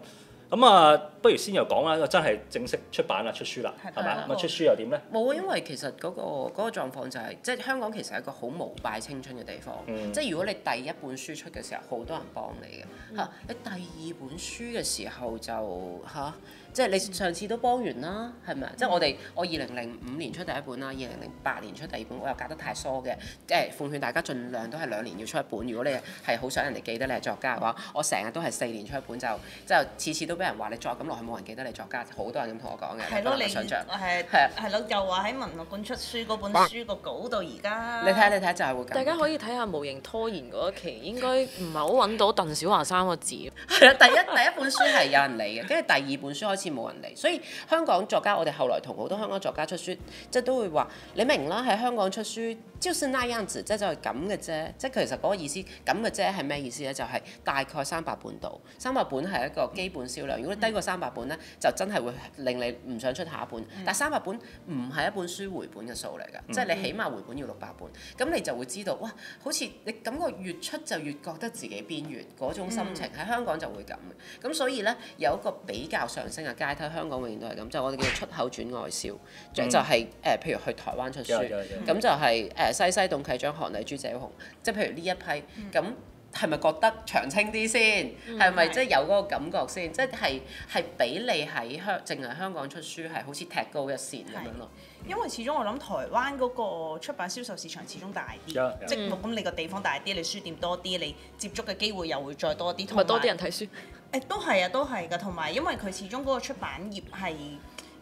咁啊，不如先又講啦，個真係正式出版啦，出書啦，係咪？咁出書又點咧？冇啊，因為其實嗰、那個嗰、那個狀況就係、是，即係香港其實係一個好膜拜青春嘅地方。嗯、即係如果你第一本書出嘅時候，好多人幫你嘅嚇、嗯，你第二本書嘅時候就嚇。即係你上次都幫完啦，係咪、嗯、即係我哋我二零零五年出第一本啦，二零零八年出第二本，我又隔得太疏嘅。誒，奉勸大家儘量都係兩年要出一本。如果你係好想人哋記得你係作家嘅話，我成日都係四年出一本，就即就次次都俾人話你再咁落去，冇人記得你作家。好多人咁同我講嘅，想象了你想啊，係咯，又話喺文學館出書嗰本書個稿到而家。你睇下，你睇下就係、是、會。大家可以睇下《無形拖延》嗰期，應該唔係好揾到鄧小樺三個字。係啊，第一第一本書係有人嚟嘅，跟住第二本書好似冇人嚟，所以香港作家我哋後來同好多香港作家出書，即係都會話，你明啦，喺香港出書，就算、是、那樣子 i 即係就係咁嘅啫，即係其實嗰個意思咁嘅啫係咩意思咧？就係、是、大概三百本度，三百本係一個基本銷量。如果你低過三百本咧，就真係會令你唔想出下一本。但係三百本唔係一本書回本嘅數嚟嘅，即係你起碼回本要六百本，咁你就會知道哇，好似你感覺越出就越覺得自己邊緣嗰種心情喺、嗯、香港就會咁嘅。咁所以咧有一個比較上升。街頭香港永遠都係咁，就是、我哋叫出口轉外銷，嗯、就就是、係、呃、譬如去台灣出書，咁、yeah, yeah , yeah. 就係、是、誒、呃、西西董啟章、韓麗珠、謝宏，即係譬如呢一批，咁係咪覺得長青啲先？係咪即係有嗰個感覺先？即係係比你喺香淨係香港出書，係好似踢高一線咁樣咯。因為始終我諗台灣嗰個出版銷售市場始終大啲，即係咁你個地方大啲，你書店多啲，你接觸嘅機會又會再多啲，同埋有多啲人睇書。誒、哎、都係啊，都係噶、啊，同埋因為佢始終嗰個出版業係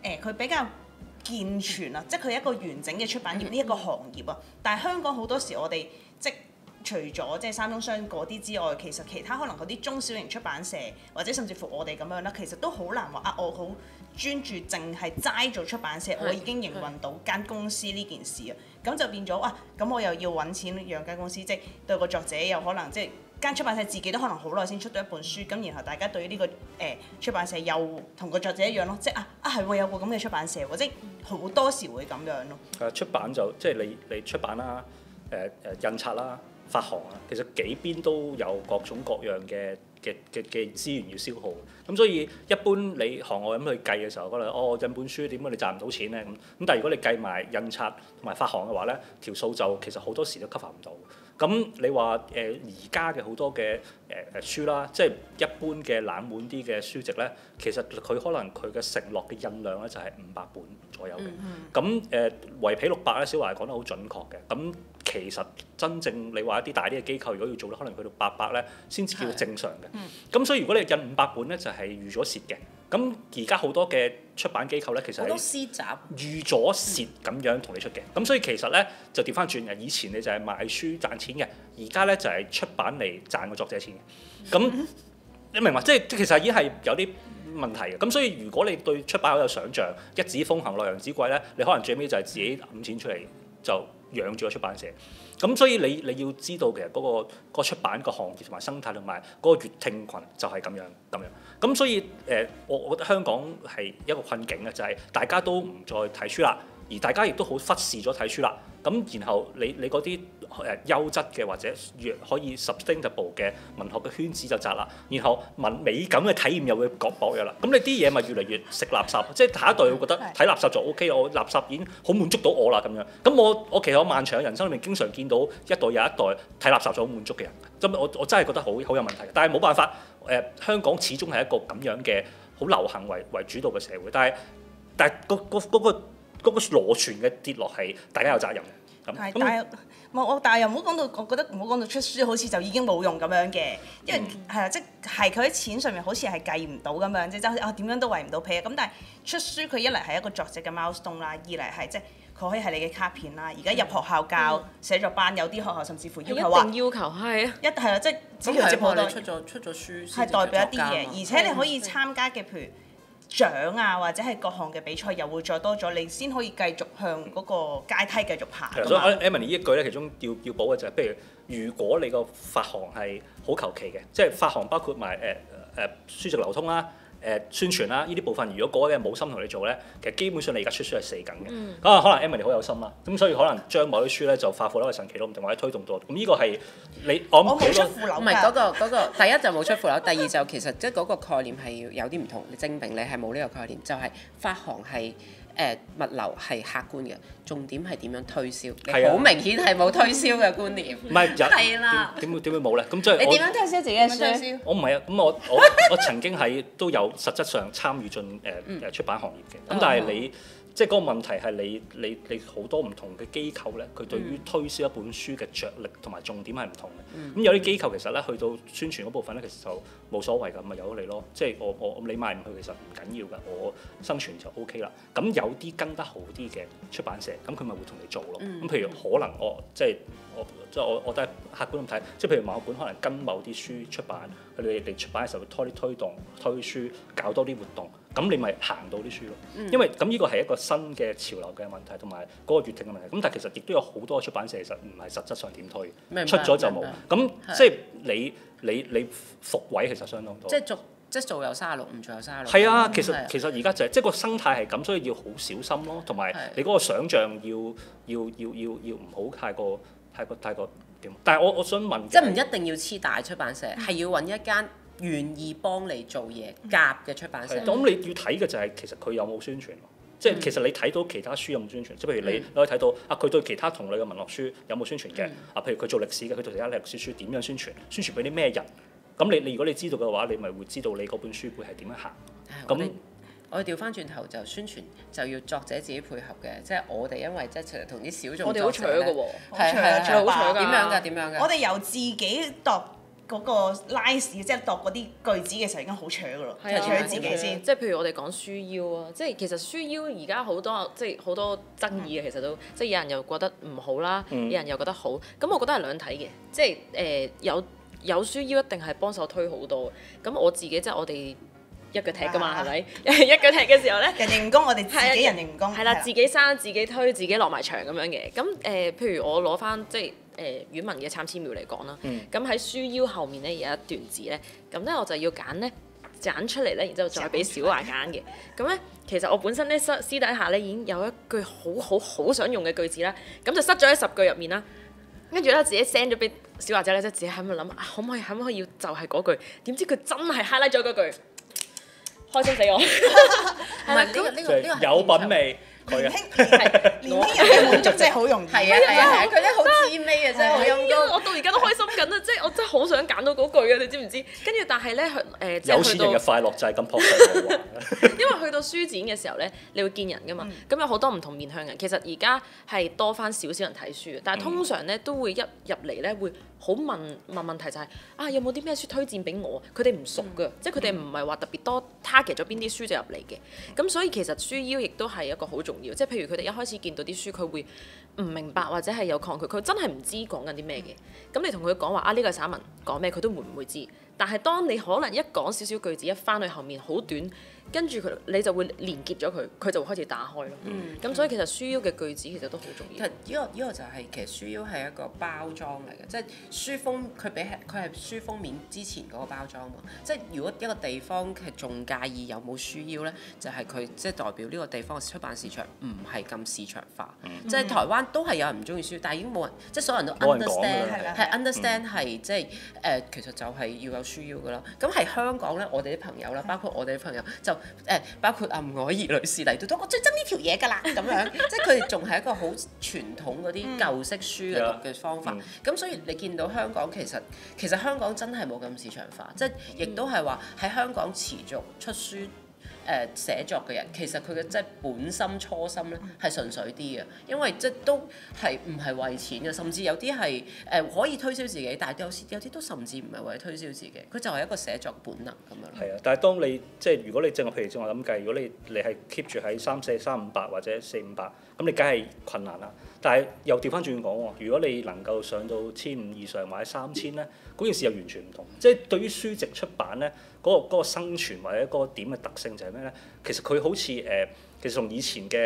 誒佢比較健全啊，即係佢一個完整嘅出版業呢一、這個行業啊。但係香港好多時我哋即除咗即係三中商嗰啲之外，其實其他可能嗰啲中小型出版社或者甚至乎我哋咁樣啦、啊，其實都好難話啊，我好專注淨係齋做出版社，我已經營運到間公司呢件事啊。咁就變咗啊，咁我又要揾錢養間公司，即係對個作者又可能即係。間出版社自己都可能好耐先出到一本書，咁然後大家對於呢、這個誒、呃、出版社又同個作者一樣咯，即係啊啊係喎，有個咁嘅出版社或者好多時會咁樣咯。誒出版就即係你你出版啦，誒、呃、誒印刷啦、發行啊，其實幾邊都有各種各樣嘅嘅嘅嘅資源要消耗。咁所以一般你行外咁去計嘅時候，可能哦印本書點解你賺唔到錢咧？咁咁但係如果你計埋印刷同埋發行嘅話咧，條數就其實好多時都吸收唔到。咁你話誒而家嘅好多嘅誒誒書啦，即係一般嘅冷門啲嘅書籍咧，其實佢可能佢嘅承諾嘅印量咧就係五百本左右嘅。咁誒圍皮六百咧，小樺係講得好準確嘅。咁其實真正你話一啲大啲嘅機構，如果要做咧，可能去到八百咧先至叫正常嘅。咁、嗯、所以如果你印五百本咧，就係、是、預咗蝕嘅。咁而家好多嘅出版機構咧，其實好多私集預咗蝕咁樣同你出嘅，咁、嗯、所以其實咧就掉返轉，以前你就係賣書賺錢嘅，而家咧就係出版嚟賺個作者錢嘅，咁你明白？即係其實已經係有啲問題嘅，咁所以如果你對出版有想像，一紙風行，洛陽紙貴咧，你可能最尾就係自己揼錢出嚟就，養住個出版社，咁所以你你要知道其實嗰個、嗰個出版個行業同埋生態同埋嗰個閲聽羣就係咁樣咁樣，咁所以誒，我、呃、我覺得香港係一個困境咧，就係、係、大家都唔再睇書啦，而大家亦都好忽視咗睇書啦。咁然後你你嗰啲誒優質嘅或者可以 sustainable 嘅文學嘅圈子就窄啦，然後文美感嘅體驗又會降薄弱啦，咁你啲嘢咪越嚟越食垃圾？即係下一代，我覺得睇垃圾就 O K，我垃圾已經好滿足到我啦咁樣。咁我我其實我漫長嘅人生裏面，經常見到一代又一代睇垃圾就好滿足嘅人。咁我我真係覺得好好有問題。但係冇辦法，誒、呃、香港始終係一個咁樣嘅好流行為為主導嘅社會。但係但係嗰嗰嗰嗰個螺旋嘅跌落係大家有責任。係，但係冇我，但係又唔好講到，我覺得唔好講到出書好似就已經冇用咁樣嘅，因為係啊，即係佢喺錢上面好似係計唔到咁樣，即係周，我、啊、點樣都圍唔到皮啊！咁但係出書，佢一嚟係一個作者嘅 milestone 啦，二嚟係即係佢可以係你嘅卡片啦。而家入學校教、mm hmm. 寫作班，有啲學校甚至乎要求話，要求係啊，一係啊，即係。咁係接唔到你出咗出咗書是，係代表啲嘢、啊，而且你可以參加嘅，譬如。嗯嗯嗯嗯獎啊，或者係各項嘅比賽又會再多咗，你先可以繼續向嗰個階梯繼續爬。係啊、嗯，所以 Emily 呢一句咧，其中要要補嘅就係、是，譬如如果你個發行係好求其嘅，即係發行包括埋誒誒輸入流通啦。啊。誒、呃、宣傳啦、啊，呢啲部分如果嗰個人冇心同你做咧，其實基本上你而家出書係死梗嘅。咁、嗯、啊，可能 Emily 好有心啦，咁所以可能將某啲書咧就發貨樓係神奇咯，唔同或者推動到多。咁呢、那個係你我冇出庫樓，唔係嗰個第一就冇出庫樓， 第二就是、其實即係嗰個概念係有啲唔同。你證明你係冇呢個概念，就係、是、發行係。誒物流係客觀嘅，重點係點樣推銷？你好明顯係冇推銷嘅觀念，係啦、啊，點點會冇咧？咁即係你點樣推銷自己嘅書？我唔係啊，咁我我我曾經喺都有實質上參與進誒出版行業嘅，咁 但係你。即係嗰個問題係你你你好多唔同嘅機構咧，佢對於推銷一本書嘅着力同埋重點係唔同嘅。咁、嗯、有啲機構其實咧去到宣傳嗰部分咧，其實就冇所謂㗎，咪由你咯。即係我我你賣唔去其實唔緊要㗎，我生存就 OK 啦。咁有啲跟得好啲嘅出版社，咁佢咪會同你做咯。咁譬如可能我即係我即係我我都係客觀咁睇，即係譬如某一本可能跟某啲書出版，佢哋哋出版嘅時候會拖啲推動推動書，搞多啲活動。咁你咪行到啲書咯，因為咁呢個係一個新嘅潮流嘅問題，同埋嗰個閱聽嘅問題。咁但係其實亦都有好多出版社其實唔係實質上點推，白出咗就冇。咁即係你你你復位其實相當多。即係做即係做有卅六，唔做有卅六。係啊，其實的其實而家就係、是、的即係個生態係咁，所以要好小心咯。同埋的你嗰個想像要要要要要唔好太過太過太過點。但係我我想問，即係唔一定要黐大出版社，係要揾一間，願意幫你做嘢夾嘅出版社，咁你要睇嘅就係其實佢有冇宣傳，即係其實你睇到其他書有冇宣傳，即係譬如你你可以睇到啊，佢對其他同類嘅文學書有冇宣傳嘅啊，譬如佢做歷史嘅，佢做其他歷史書點樣宣傳，宣傳俾啲咩人？咁你你如果你知道嘅話，你咪會知道你嗰本書會係點樣行。咁我調翻轉頭就宣傳就要作者自己配合嘅，即係我哋因為即係同啲小眾作者，我哋好搶嘅喎，搶搶好搶嘅，點樣嘅點樣嘅，我哋由自己讀。嗰個拉屎即係度嗰啲句子嘅時候已經好搶噶咯，搶的自己先。即係譬如我哋講書腰啊，即係其實書腰而家好多即係好多爭議嘅，其實都即係有人又覺得唔好啦，嗯、有人又覺得好。咁我覺得係兩睇嘅，即係誒、呃、有有書腰一定係幫手推好多。咁我自己即係我哋一腳踢噶嘛，係咪？啊？是的 一腳踢嘅時候咧，人哋唔供我哋自己人哋唔供，係啦的，自己生自己推，自己落埋場咁樣嘅。咁誒、呃，譬如我攞翻即係。誒，語文嘅參差妙嚟講啦，咁喺、嗯、書腰後面咧有一段字咧，咁咧我就要揀咧揀出嚟咧，然之後再俾小樺揀嘅。咁咧其實我本身咧私私底下咧已經有一句好好好想用嘅句子啦，咁就塞咗喺十句入面啦。跟住咧自己 send 咗俾小樺仔咧，即係自己喺度諗，可唔可以可唔可以要就係嗰句？點知佢真係 highlight 咗嗰句，開心死我！係咁呢個都係、這個、有品味。年輕係年輕人，滿足真係好容易係、 嗯、啊係啊佢哋好滋味嘅真係，啊、因為我到而家都開心緊啊！即、就、係、是、我真係好想揀到嗰句啊！你知唔知？跟住但係咧，誒、呃就是、有錢人嘅快樂就係咁樸實。 因為去到書展嘅時候咧，你會見人㗎嘛？咁有好多唔同面向人。其實而家係多翻少少人睇書，但係通常咧都會一入嚟咧會。好問問問題就係、是、啊，有冇啲咩書推薦俾我？佢哋唔熟㗎，嗯、即係佢哋唔係話特別多 target 咗邊啲書就入嚟嘅。咁、嗯、所以其實書腰亦都係一個好重要，即係譬如佢哋一開始見到啲書，佢會唔明白或者係有抗拒，佢真係唔知講緊啲咩嘅。咁你同佢講話啊呢、呢個散文講咩，佢都會唔會知。但係當你可能一講少少句子，一翻去後面好短。跟住佢你就會連結咗佢，佢就會開始打開咯。咁、嗯、所以其實書腰嘅句子其實都好重要。其實呢、呢個呢、呢個就係、係、其實書腰係一個包裝嚟嘅，即係書封佢俾佢係書封面之前嗰個包裝嘛。即係如果一個地方其實仲介意有冇書腰咧，就係佢即係代表呢個地方嘅出版市場唔係咁市場化。嗯、即係台灣都係有人唔中意書，但係已經冇人，即係所有人都 understand 係 understand 係即係誒其實就係要有書腰噶啦。咁係香港咧，我哋啲朋友啦，包括我哋啲朋友就。誒包括阿吳愛兒女士嚟到都，我最憎呢條嘢㗎啦，咁樣， 即係佢哋仲係一個好傳統嗰啲舊式書嘅讀嘅方法，咁、嗯嗯、所以你見到香港其實其實香港真係冇咁市場化，嗯、即係亦都係話喺香港持續出書。誒、呃、寫作嘅人其實佢嘅即係本心初心咧係純粹啲嘅，因為即係都係唔係為錢嘅，甚至有啲係誒可以推銷自己，但係有時有啲都甚至唔係為推銷自己，佢就係一個寫作本能咁樣。係啊，但係當你即係如果你正如譬如正我諗計，如果你你係 keep 住喺三四三五百或者四五百，咁你梗係困難啦。但係又調返轉講喎，如果你能夠上到千五以上或者三千咧。嗯嗰件事又完全唔同，即係對於書籍出版咧，嗰個嗰個生存或者嗰個點嘅特性就係咩咧？其實佢好似誒、呃，其實同以前嘅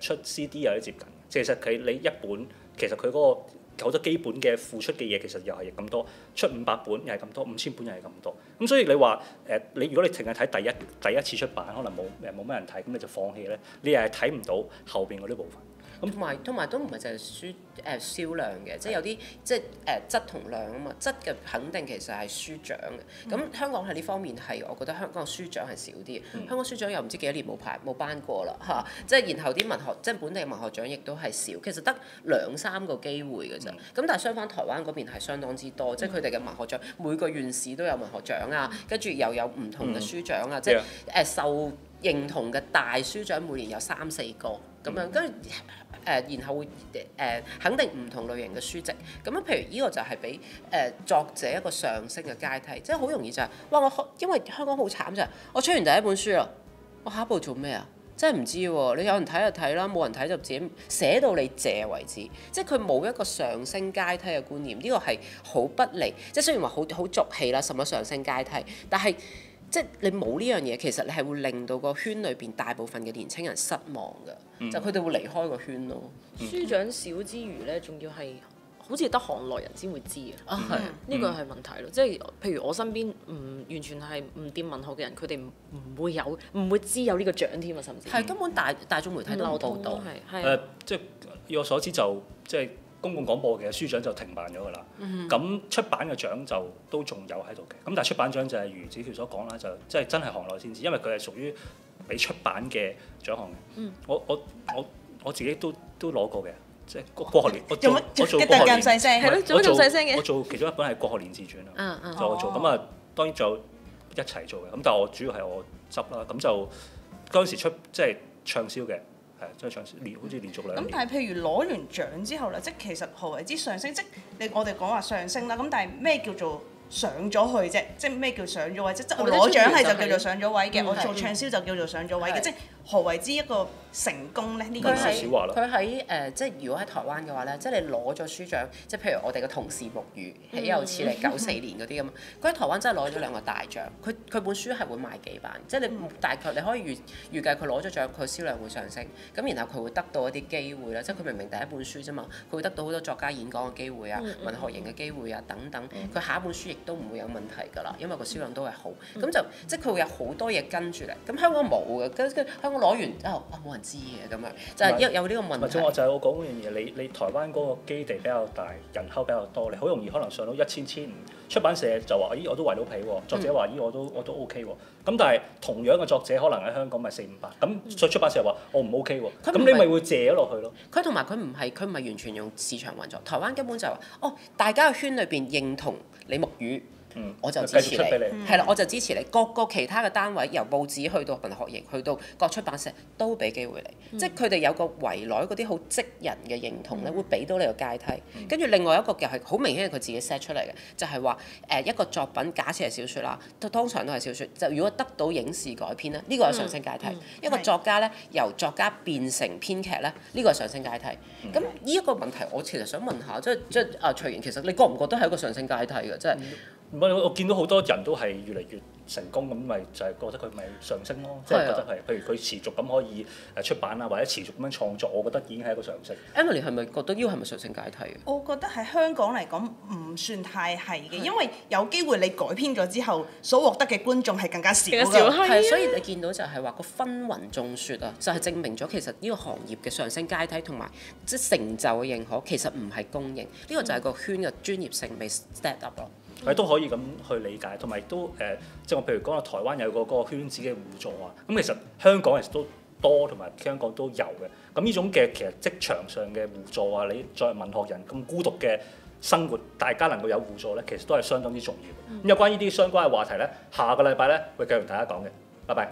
誒誒出 CD 有啲接近。其實佢你一本，其實佢嗰個好多基本嘅付出嘅嘢，其實又係咁多，出五百本又係咁多，五千本又係咁多。咁、嗯、所以你話誒、呃，你如果你淨係睇第一第一次出版，可能冇誒冇乜人睇，咁你就放棄咧？你又係睇唔到後邊嗰啲部分。同埋，同埋都唔係就係書誒銷、呃、量嘅，即係有啲即係誒、呃、質同量啊嘛，質嘅肯定其實係書獎嘅。咁、嗯、香港喺呢方面係，我覺得香港嘅書獎係少啲。嗯、香港書獎又唔知幾多年冇排冇頒過啦嚇、啊。即係然後啲文學，即係本地嘅文學獎亦都係少，其實得兩三個機會嘅啫。咁、嗯、但係相反，台灣嗰邊係相當之多，嗯、即係佢哋嘅文學獎每個縣市都有文學獎啊，跟住又有唔同嘅書獎啊，嗯嗯、即係誒、呃、受認同嘅大書獎每年有三四個咁樣跟住。嗯嗯誒、呃，然後會誒、呃，肯定唔同類型嘅書籍。咁樣譬如呢個就係俾誒作者一個上升嘅階梯，即係好容易就係、是，哇！我因為香港好慘啫，我出完第一本書啦，我下一步做咩啊？真係唔知喎。你有人睇就睇啦，冇人睇就自己寫到你謝為止，即係佢冇一個上升階梯嘅觀念。呢、這個係好不利，即係雖然話好好俗氣啦，冇乜上升階梯，但係。即係你冇呢樣嘢，其實你係會令到個圈裏邊大部分嘅年青人失望嘅，嗯、就佢哋會離開個圈咯。書獎少之餘咧，仲要係好似得行內人先會知嘅啊，係呢、嗯、個係問題咯。即係譬如我身邊唔完全係唔掂文學嘅人，佢哋唔會有，唔會知有呢個獎添啊，甚至係、嗯、根本大大眾媒體都冇到。係、啊，係、啊。誒，即係以我所知就即係。 公共廣播嘅書獎就停辦咗噶啦，咁出版嘅獎就都仲有喺度嘅，咁但係出版獎就係如子喬所講啦，就即係真係行內先知，因為佢係屬於俾出版嘅獎項嘅。我我我我自己都都攞過嘅，即係國學年我做一做國學年細聲係咯，我做細聲嘅。我做其中一本係《國學年自傳》啦，我做咁啊，當然就一齊做嘅，咁但係我主要係我執啦，咁就嗰陣時出即係暢銷嘅。係，即係上升，好似連續兩。咁、嗯、但係，譬如攞完獎之後咧，即係其實何謂之上升？即你我哋講話上升啦。咁但係咩叫做上咗去啫？即係咩叫上咗位？嗯、即係我攞獎係就叫做上咗位嘅，嗯、我做暢銷就叫做上咗位嘅，即係。何為之一個成功咧？呢個係佢喺誒，即係如果喺台灣嘅話咧，即係你攞咗書獎，即係譬如我哋嘅同事木魚，又似你九四年嗰啲咁嘛。佢喺台灣真係攞咗兩個大獎，佢佢的本書係會賣幾版，即係你、嗯、大概你可以預預計佢攞咗獎，佢銷量會上升。咁然後佢會得到一啲機會啦，即係佢明明第一本書啫嘛，佢會得到好多作家演講嘅機會啊、嗯、文學營嘅機會啊等等。佢、嗯嗯、下一本書亦都唔會有問題㗎啦，因為個銷量都係好，咁、嗯嗯、就即係佢會有好多嘢跟住嚟。咁香港冇嘅，我攞完之後，啊、哦、冇、哦、人知嘅咁樣，就係有是有呢個問題。或者我就係、是、我講嗰樣嘢。你你台灣嗰個基地比較大，人口比較多，你好容易可能上到一千千五。出版社就話：咦，我都圍到皮喎。作者話：咦，我都我都 O K 喎。咁但係同樣嘅作者可能喺香港咪四五百。咁再出版社話：我唔 O K 喎。咁你咪會借咗落去咯。佢同埋佢唔係佢唔係完全用市場運作。台灣根本就係話：哦，大家嘅圈裏邊認同你木魚。嗯、我就支持你，係啦，我就支持你。各個其他嘅單位，由報紙去到文學營，去到各出版社，都俾機會你。嗯、即係佢哋有個圍內嗰啲好職人嘅認同咧，嗯、會俾到你個階梯。嗯、跟住另外一個又係好明顯係佢自己 set 出嚟嘅，就係話誒一個作品，假設係小説啦，通常都係小説。就如果得到影視改編咧，呢、呢個係上升階梯。嗯嗯、一個作家咧，的由作家變成編劇咧，呢、呢個係上升階梯。咁呢一個問題，我其實想問下，即係即係阿、啊、徐瑩，其實你覺唔覺得係一個上升階梯嘅？即係。嗯。我見到好多人都係越嚟越成功咁，咪就係、是、覺得佢咪上升咯，即、就、係、是、覺得係。譬如佢持續咁可以誒出版啊，或者持續咁樣創作，我覺得已經係一個上升。Emily 係咪覺得呢個係咪上升階梯？我覺得喺香港嚟講唔算太係嘅，的因為有機會你改編咗之後所獲得嘅觀眾係更加少，係所以你見到就係話個紛紜眾說啊，就係、是、證明咗其實呢個行業嘅上升階梯同埋即係成就嘅認可，其實唔係公認，呢、這個就係個圈嘅專業性未 set up 咯。係都、嗯、可以咁去理解，同埋都誒，即、呃、係我譬如講啊，台灣有個個圈子嘅互助啊，咁、嗯、其實香港其實都多，同埋香港都有嘅。咁、嗯、呢、嗯、種嘅其實職場上嘅互助啊，你作為文學人咁孤獨嘅生活，大家能夠有互助咧，其實都係相當之重要。咁、嗯、有關呢啲相關嘅話題咧，下個禮拜咧會繼續同大家講嘅。拜拜。